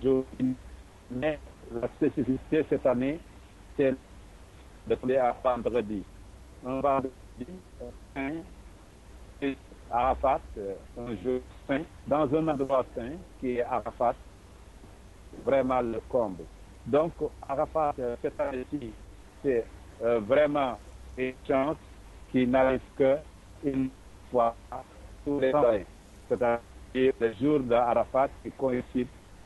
toujours. Mais la spécificité cette année, c'est de à vendredi. Un vendredi saint, Arafat, euh, un jour saint, dans un endroit qui est Arafat, vraiment le comble. Donc, Arafat, euh, cette année-ci, c'est euh, vraiment une chance qui n'arrive qu'une fois tous les ans. C'est-à-dire le jour d'Arafat qui coïncide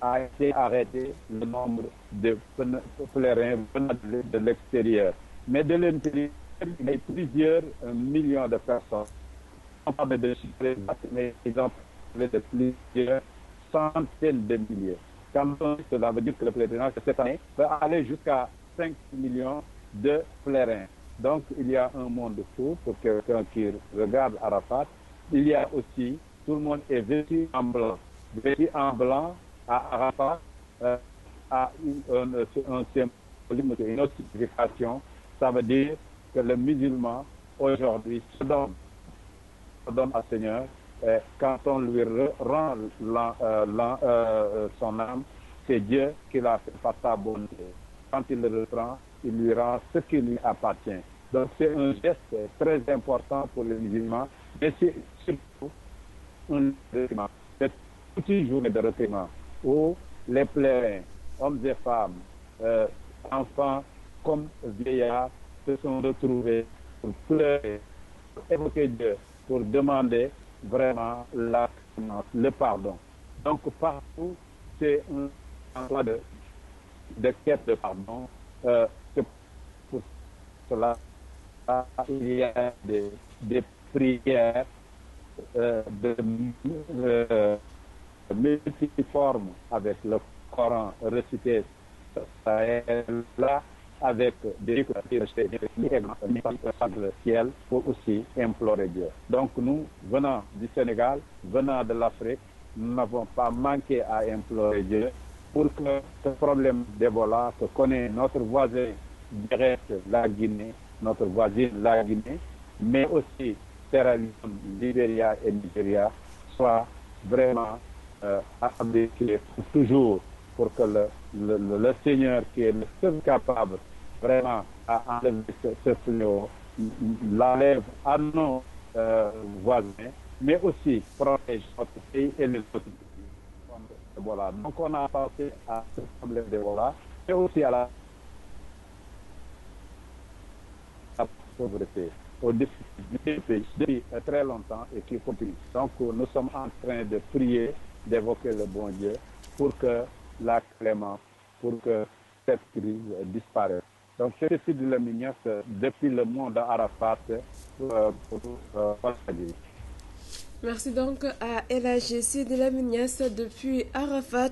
a été arrêté le nombre de pèlerins de l'extérieur. Mais de l'intérieur, il y a plusieurs euh, millions de personnes. On parle de chiffres, plusieurs centaines de milliers. Quand on dit cela veut dire que le pèlerinage cette année va aller jusqu'à millions de pèlerins. Donc, il y a un monde fou pour quelqu'un regarde Arafat. Il y a aussi, tout le monde est vêtu en blanc. Vêtu en blanc, à Arafat, euh, à une, un, une autre signification. Ça veut dire que le musulman, aujourd'hui, se donne, se donne à Seigneur. quand on lui rend la, euh, la, euh, son âme, c'est Dieu qui l'a fait par sa bonté. Quand il le reprend, il lui rend ce qui lui appartient. Donc c'est un geste très important pour les musulmans, mais c'est surtout un journée de recueillement. où les pèlerins, hommes et femmes, euh, enfants comme vieillards, se sont retrouvés pour pleurer, pour évoquer Dieu, pour demander vraiment la le pardon. Donc partout, c'est un endroit de, de quête de pardon. Euh, pour cela, il y a des, prières euh, de, multiforme avec le Coran récité, ça est là, avec des par le ciel pour aussi implorer Dieu. Donc nous, venant du Sénégal, venant de l'Afrique, nous n'avons pas manqué à implorer Dieu pour que ce problème d'Ebola que connaît notre voisin direct, la Guinée, notre voisine, la Guinée, mais aussi Sierra Libéria et Nigeria, soit vraiment Euh, abdiquer pour que le, le, le, Seigneur qui est capable vraiment à enlever ce, ce l'enlève à nos euh, voisins, mais aussi protège notre pays et les autres Donc on a pensé à ce problème de voilà, mais aussi à la, pauvreté, au défi des pays très longtemps et qui continue. Donc nous sommes en train de prier d'évoquer le bon Dieu pour que la clémence, pour que cette crise disparaisse. Donc, c'est ceci depuis le monde Arafat euh, pour, euh, Merci donc à LHC de la depuis Arafat,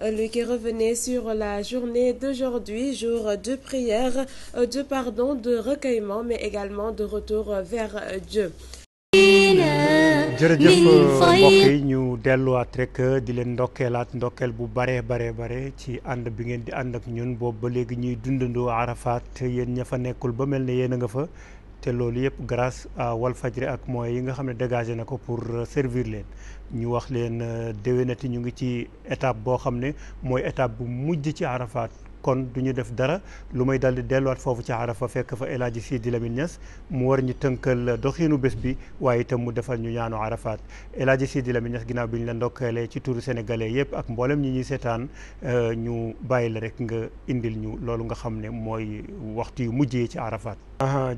euh, lui qui revenait sur la journée d'aujourd'hui, jour de prière, euh, de pardon, de recueillement, mais également de retour vers Dieu. jërëjëf euh, mbokk yi ñu delluwaat rek euh, di leen ndokkeelaat ndokkeel bu baree baree bare ci ànd bi ngeen di ànd ak ñun boobu ba léegi ñuy dundandoo Arafat yéen ña fa nekkul ba mel ne yéen a nga fa te loolu yëpp grâce à Walfadjri ak moyens yi nga xam ne dégagé na ko pour euh, servir leen ñu wax leen déwénati ñu ngi ci étape boo xam ne mooy étape bu mujj ci Arafat kon du ñu def dara lu may dal di delluwaat foofu ci Arafa fekk fa El Hadji Sidi Lamine mu war ñu tënkal doxiinu bés bi waaye itam mu defal ñu ñaanu Arafat El Hadji Sidi Lamine ginaaw bi ñu la ndokkalee ci turu sénégalais yëpp ak mboolem ñi ñuy seetaan euh, ñu bàyyi la rek nga indil ñu loolu nga xam ne mooy waxtu yu mujjee ci Arafat.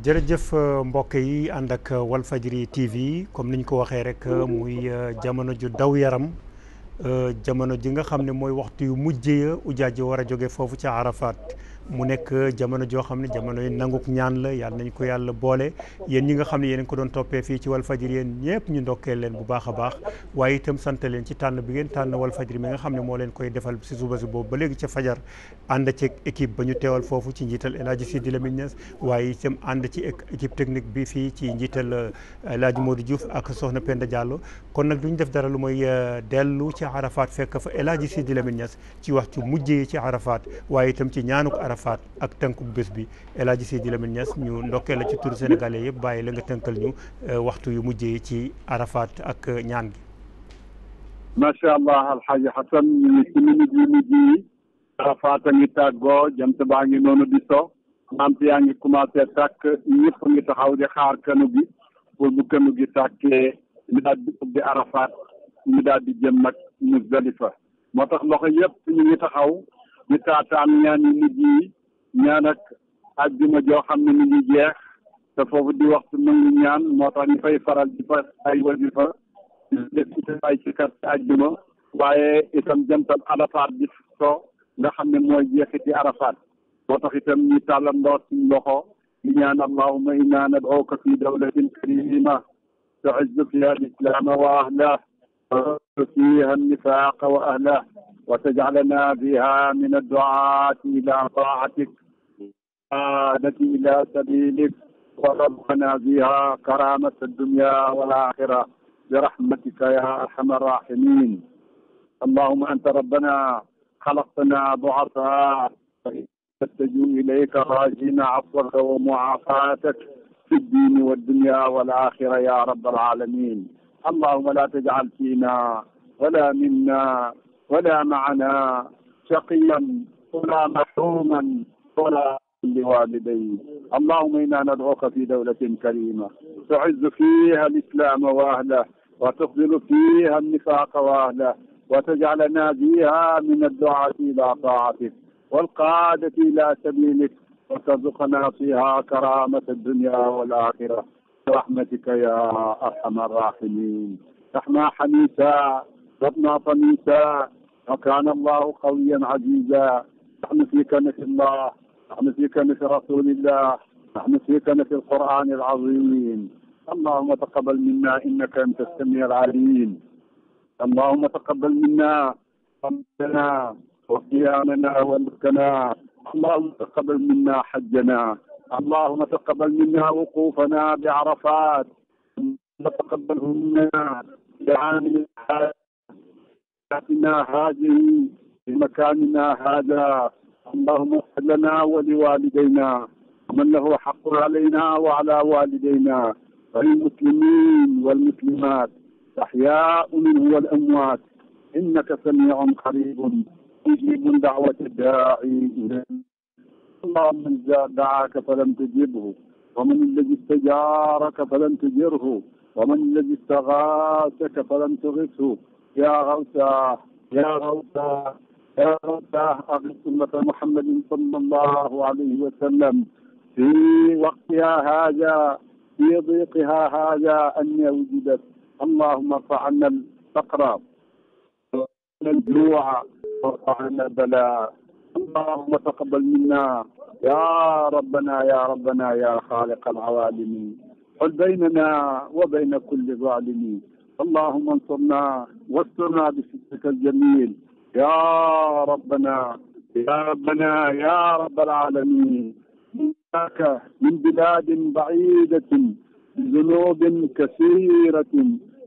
jërëjëf euh, mbokk yi ànd ak euh, Walfajri TV comme ni ñu ko waxee rek mm-hmm. muy jamono ju daw yaram. jamono ji nga xam ni mooy waxtu yu mujj ya ujaaji war a jóge foofu ci Arafat mu nekk jamono joo xam ne jamono yi nanguk ñaan la yàlla nañ ko yàlla boole yéen ñi nga xam ne yéen ko doon toppee fii ci Walfadjri yéen ñëpp ñu ndokkeel leen bu baax a baax waaye itam sant leen ci tànn bi ngeen tànn Walfadjri mi nga xam ne moo leen koy defal si suba si boobu ba léegi ca fajar ànd ci équipe ba ñu teewal foofu ci njiital El Hadji Sidi Lamine Niass waaye itam ànd ci équipe technique bi fii ci njiital euh, El Hadji Modou Diouf ak Soxna Penda Diallo kon nag ñu def dara lu mooy euh, dellu ci arafaat fekk fa El Hadji Sidi Lamine Niass ci wax ci mujjee ci Arafat ci ñaanuk Arafat ak bu bés bi El Hadj Sidi Lamine Niass ñu ndokkee la ci tur sénégalais yëpp bàyyi la nga tënkal ñu euh, waxtu yu mujjee ci Arafat ak euh, ñaan gi. macha allah alxaaji Xasan ñu ngi ci minute yu mujj yi Arafat a ngi tàggoo jant baa ngi noonu di so lamp yaa ngi commencé tàkk ñëpp ngi taxaw di xaar kanu gi pour bu kanu gi tàkkee ñu daal di ubbi jëm nag Muzdalifa moo tax loxo yëpp ñu ngi taxaw. di taataan ñaan yi nit yi ñaan ak àjjuma joo xam ne mi ngi jeex te foofu di waxtu nangu ñaan moo tax ñu fay faral di fa ay wasifa di def ci ci àjjuma waaye itam jantal arafaat bi so nga xam ne mooy jeexiti arafaat moo tax itam ñu tàllandoo suñ loxo di ñaan allahuma inna nad'uka fi dawlatin karima tu'izzu fiha al-islama wa ahlah وترد فيها النفاق وأهله وتجعلنا بها من الدعاة إلى طاعتك والدعاة إلى سبيلك وربنا بها كرامة الدنيا والآخرة برحمتك يا أرحم الراحمين اللهم أنت ربنا خلقتنا ضعفاء نتجو إليك راجين عفوك ومعافاتك في الدين والدنيا والآخرة يا رب العالمين اللهم لا تجعل فينا ولا منا ولا معنا شقيا ولا محروما ولا لوالديه اللهم إنا ندعوك في دولة كريمة تعز فيها الإسلام وأهله وتخذل فيها النفاق وأهله وتجعلنا فيها من الدعاة إلى طاعتك والقادة إلى سبيلك وترزقنا فيها كرامة الدنيا والآخرة برحمتك يا أرحم الراحمين احنا حنيسا ربنا طميسا وكان الله قويا عزيزا نحن فيك مثل الله نحن فيك مثل رسول الله نحن فيك مثل القرآن العظيم اللهم تقبل منا إنك أنت السميع العليم اللهم تقبل منا صمتنا وقيامنا وملكنا اللهم تقبل منا حجنا اللهم تقبل منا وقوفنا بعرفات وتقبله منا بعامل حياتنا هذه في مكاننا هذا اللهم اغفر لنا ولوالدينا ومن له حق علينا وعلى والدينا وللمسلمين والمسلمات الأحياء منه والأموات إنك سميع قريب مجيب دعوة الداعي إليك اللهم من دعاك فلم تجبه ومن الذي استجارك فلم تجره ومن الذي استغاثك فلم تغثه يا غوثا يا غوثا يا غوثا أغث أمة محمد صلى الله عليه وسلم في وقتها هذا في ضيقها هذا أن وجدت اللهم ارفع عنا الفقر وارفع عنا الجوع وارفع عنا البلاء allahumma taqabbal minna ya rabbana ya rabbana ya xaaliqa alcawaalimi xul baynana wa bayna kulli zaalimi allahumma ansurna wasturna bisitrika aljamil ya rabbana ya rabbana ya rabba alcalamin إياك من بلاد بعيدة بذنوب كثيرة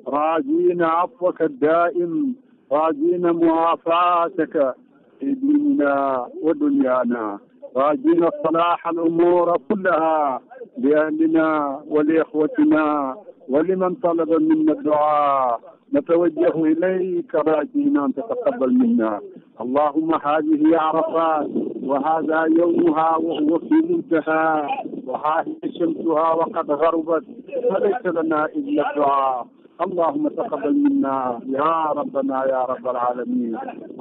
راجين عفوك الدائم راجين معافاتك في ديننا ودنيانا وأجلنا صلاح الأمور كلها لأهلنا ولإخوتنا ولمن طلب منا الدعاء نتوجه إليك راجين أن تتقبل منا اللهم هذه عرفات وهذا يومها وهو في منتهى وهذه شمسها وقد غربت فليس لنا إلا الدعاء اللهم تقبل منا يا ربنا يا رب العالمين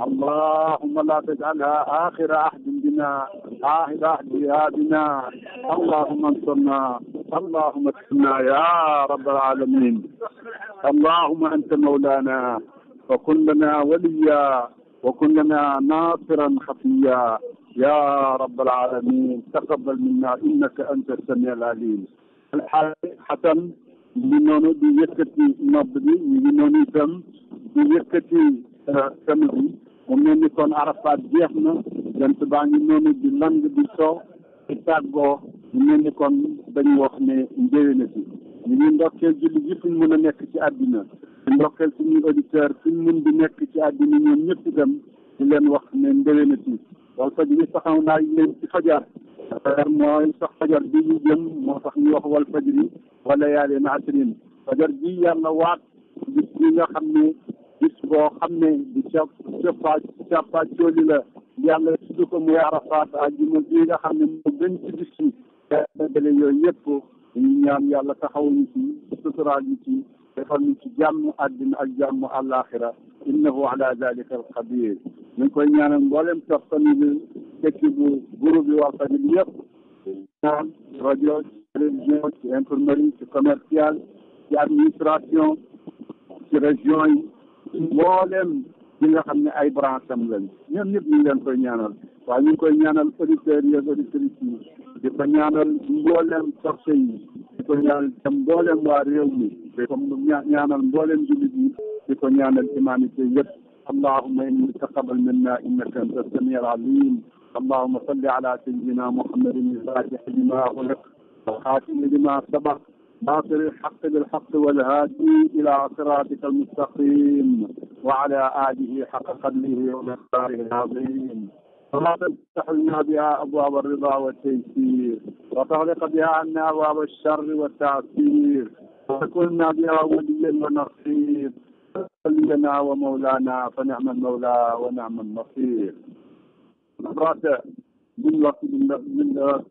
اللهم لا تجعلها آخر عهد بنا آخر عهد بنا اللهم انصرنا اللهم اكفنا يا رب العالمين اللهم أنت مولانا وكن لنا وليا وكن لنا ناصرا خفيا يا رب العالمين تقبل منا إنك أنت السميع العليم الحسن ñu noonu di yëkkati nodd bi ñu ngi noonu itam di yëkkati euh, sami bi mu mel ni kon Arafat jeex na jant baa ngi noonu di lang di soo di tàggoo mu mel ni kon dañu wax ne njëwénati ñu ngi ndokkeel julli gi fuñ mën a nekk ci àddina di ndokkeel suñuy auditeur fuñ mën di nekk ci àddina ñoom ñëpp itam di leen wax ne njëwénati Walfadjri saxaw naa leen ci fajar fajar mooy sax fajar bi ñu jëm moo tax ñu wax wal fajri wala yaali na asrin fajar ji yàlla waat bis bi nga xam ne bis boo xam ne di ca capa capa cooli la yàlla tudd ko muy arafaat ajjuma bi nga xam ne moo gën ci bis yi dagale yooyu yëpp ñu ñaan yàlla taxaw ñu ci suturaal ñu ci defal ñu ci jàmm àddina ak jàmm àllaaxira innahu ala dalika alqadir ñu ngi koy ñaanal mboolem toog famille bi tekki bu groupe bi waa famille bi yëpp moom rajo ci télévision ci imprimerie ci commercial ci administration ci région yi mboolem ñi nga xam ne ay branche am lañ ñoom ñëpp ñu ngi leen koy ñaanal waaye ñu ngi koy ñaanal auditeurs yi ak auditrices yi di ko ñaanal mboolem forcé yi di ko ñaanal tam mboolem waa réew mi di ko ñaanal mboolem jullit yi di ko ñaanal imaam yi yëpp اللهم إني تقبل منا إنك أنت السميع العليم اللهم صل على سيدنا محمد الفاتح لما خلق والخاتم لما سبق ناصر الحق بالحق والهادي إلى صراطك المستقيم وعلى آله حق قدره ومقداره العظيم اللهم تفتح لنا بها أبواب الرضا والتيسير وتغلق بها عنا أبواب الشر والتعسير وتكلنا بها وليا ونصير سيدنا ومولانا فنعم المولى ونعم النصير نبرات من لك من لك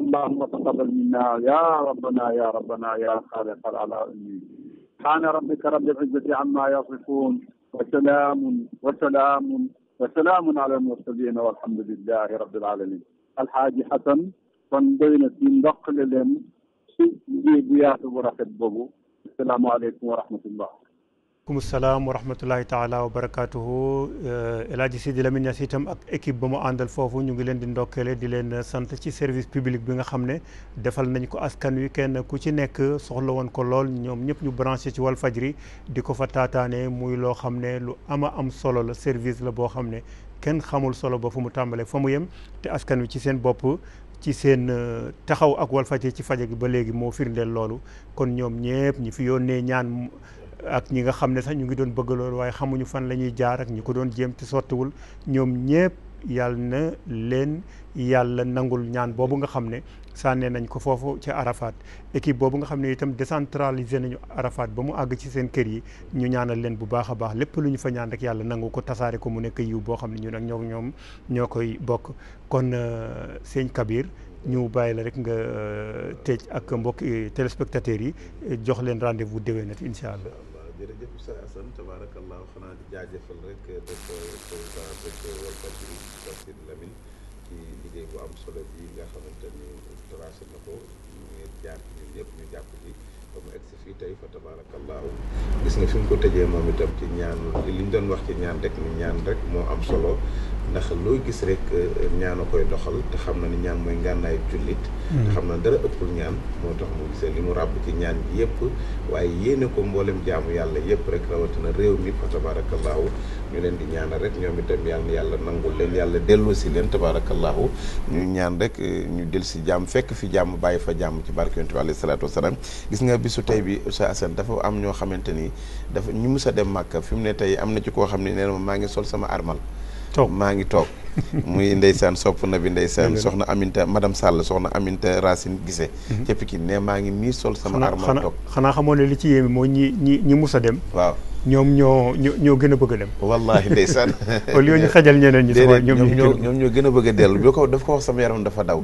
اللهم تقبل منا يا ربنا يا ربنا يا خالق العالمين سبحان ربك رب العزة عما يصفون وسلام وسلام وسلام على المرسلين والحمد لله رب العالمين الحاج حسن kon doy na ci ndoqale leen ci liggéey bu yaatu bu rafet boobu asalaamaaleykum wa rahmatullah kum salaam wa rahmatullahi taala wa barakaatuhu eh, El Hadj Sidi itam ak équipe ba mu àndal foofu ñu ngi leen di ndokkeele di leen sant ci service public bi nga xam ne defal nañ ko askan wi kenn ku ci nekk soxla woon ko lool ñoom ñëpp ñu branché ci wal faj fajri di ko fa taataane muy loo xam ne lu ama am solo la service la boo xam ne kenn xamul solo ba fu mu tàmbalee fa mu yem te askan wi ci seen bopp. ci seen eh, taxaw ak Walfadjri ci faje gi ba léegi moo firndeel loolu kon ñoom ñëpp ñi ñaan ak ñi nga xam ne sax ñu ngi doon bëgg loolu waaye xamuñu fan la ñuy jaar ak ñi ko doon jéem ci sottiwul ñoom ñëpp yàlla na leen yàlla nangul ñaan boobu nga xam ne sànnee nañ ko foofu ci Arafat équipe boobu nga xam ne itam décentralisé nañu Arafat ba mu àgg ci seen kër yi ñu ñaanal leen bu baax a baax lépp lu ñu fa ñaan rek yàlla nangu ko tasaare ko mu nekk yiw boo xam ne ñu ak ñoo ñoom ñoo koy bokk kon euh, sëñ Kabir ñu bàyyi la rek nga euh, tëj ak mbokk euh, téléspectateurs yi jox leen rendez-vous déwénat incha allah. jërëjëf Oustaz Assane tabaarakallaahu xanaa di jaajëfal rek docteur président rek Walfadjri Bassirou Lamine ci liggéey bu am solo bi nga xamante ni tracé na ko ñu ngi jaar ñun ñëpp ñu jàpp ci ba mu egg si fii tey fa tabaarakallaahu gis nga fi mu ko tëjee moom itam ci ñaan li ñu doon wax ci ñaan rek ni ñaan rek moo am solo ndax loo gis rek euh, ñaan a koy doxal te xam na ni ñaan mooy ngànnaayu jullit te mm-hmm. xam na dara ëppul ñaan moo tax mu gisee li mu ràbb ci ñaan ji yëpp waaye yéene ko mboolem jaamu yàlla yëpp rek rawatina réew mi fa tabaarakallaahu ñu leen di ñaanal rek ñoom itam yàlla na yàlla nangul leen yàlla dellu si leen tabaarakallaahu ñu ñaan rek euh, ñu del si jàmm fekk fi jàmm bàyyi fa jàmm ci barke yonent bi alayhi salaatu wasalaam gis nga bisu tey bi Oustaz Assane dafa am ñoo xamante ni dafa ñu mus a dem màkk fi mu ne tey am na ci koo xam ne nee ma maa ngi sol sama armal toog maa ngi toog muy ndeysaan sopp na bi ndeysaan soxna Aminta madame Sall soxna Aminta Racine Guissé mhm. ca Pikine ne maa ngi nii sol sama armal toog xanaa xamoo ne li ci yéeme mooy ñi ñi ñi mus a dem waaw ñoom ñoo ñoo gën a bëgg a dem wallaahi ndeysaan au lieu ñu xajal ñeneen ñi sama ñoom ñoo gën a bëgg a dellu bi ko daf ko wax sama yaram dafa daw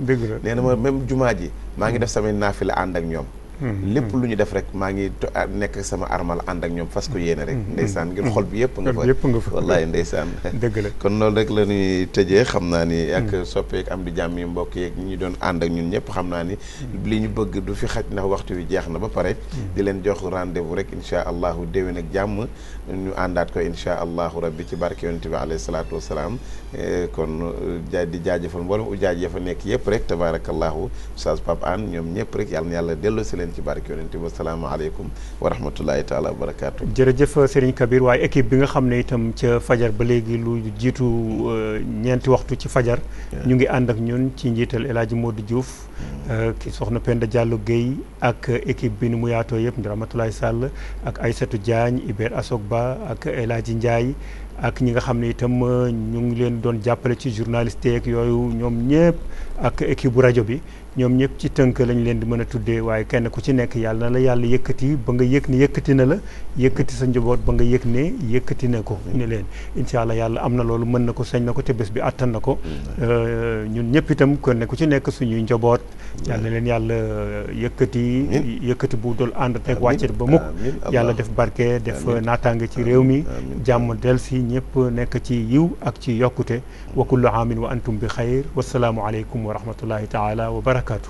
nee na ma même jumaa ji maa ngi def samay naafi la ànd ak ñoom Mm-hmm. lépp lu ñu def rek maa ngi ah, nekk sama armal ànd ak ñoom fas ko yéene rek mm-hmm. ndeysaan ngir mm-hmm. xol bi yëpp nga fa yëpp nga fa wallaay ndeysaan dëgg la kon loolu rek la ñuy tëjee xam naa ni ak soppeeg am di jàmm yi mbokk yeeg ñi ñu doon ànd ak ñun ñëpp xam naa ni li ñu bëgg du fi xaj ndax waxtu wi jeex na ba pare di leen jox rendez-vous rek incha allahu déwén ak jàmm ñu àndaat ko incha allahu rabbi ci barke yonent bi alayhi salaatu wasalaam eh, kon jaa di jaajëfal mboolem ujaaj ya fa nekk yëpp rek tabaarakallahu oustaz Pape Anne ñoom ñëpp rek yàlla na yàlla delloo si leen ci barke yonent bi asalaamaaleykum wa rahmatullahi taala wa barakaatu. jërëjëf Serigne Kabir waaye équipe bi nga xam ne itam ca fajar ba léegi lu jiitu euh, ñeenti waxtu ci fajar. ñu ngi ànd ak ñun ci njiital El Hadj Modou Diouf. Mm. Euh, ki soxna Penda Diallo Guèye ak équipe bi ni mu yaatoo yëpp ndi Ramatoulaye Sall ak Aïssatou Diagne Iber ba ak El Hadj ak ñi nga xam ne itam euh, ñu ngi leen doon jàppale ci journaliste yeeg yooyu ñoom ñëpp ak équipe bu rajo bi ñoom ñëpp ci tënk lañu leen di mën a tuddee waaye kenn ku ci nekk yàlla na la yàlla yëkkati ba nga yëg ne yëkkati na la yëkkati sa njaboot ba nga yëg ne yëkkati na ko mm. ne leen incha allah yàlla am na loolu mën na ko sañ na ko te bés bi àttan na ko mm. euh, ñun ñëpp itam ne ku ci nekk suñuy njaboot yal na leen yàlla euh, yëkkati yëkkati bu dul ànd teg wàccet ba mukk yàlla def barke def naataange ci réew mi jàmm del si ñëpp nekk ci yiw ak ci yokkute wa kullu aamin wa antum bi xayr wasalaamu aleykum wa rahmatullahi taala wa barakaatu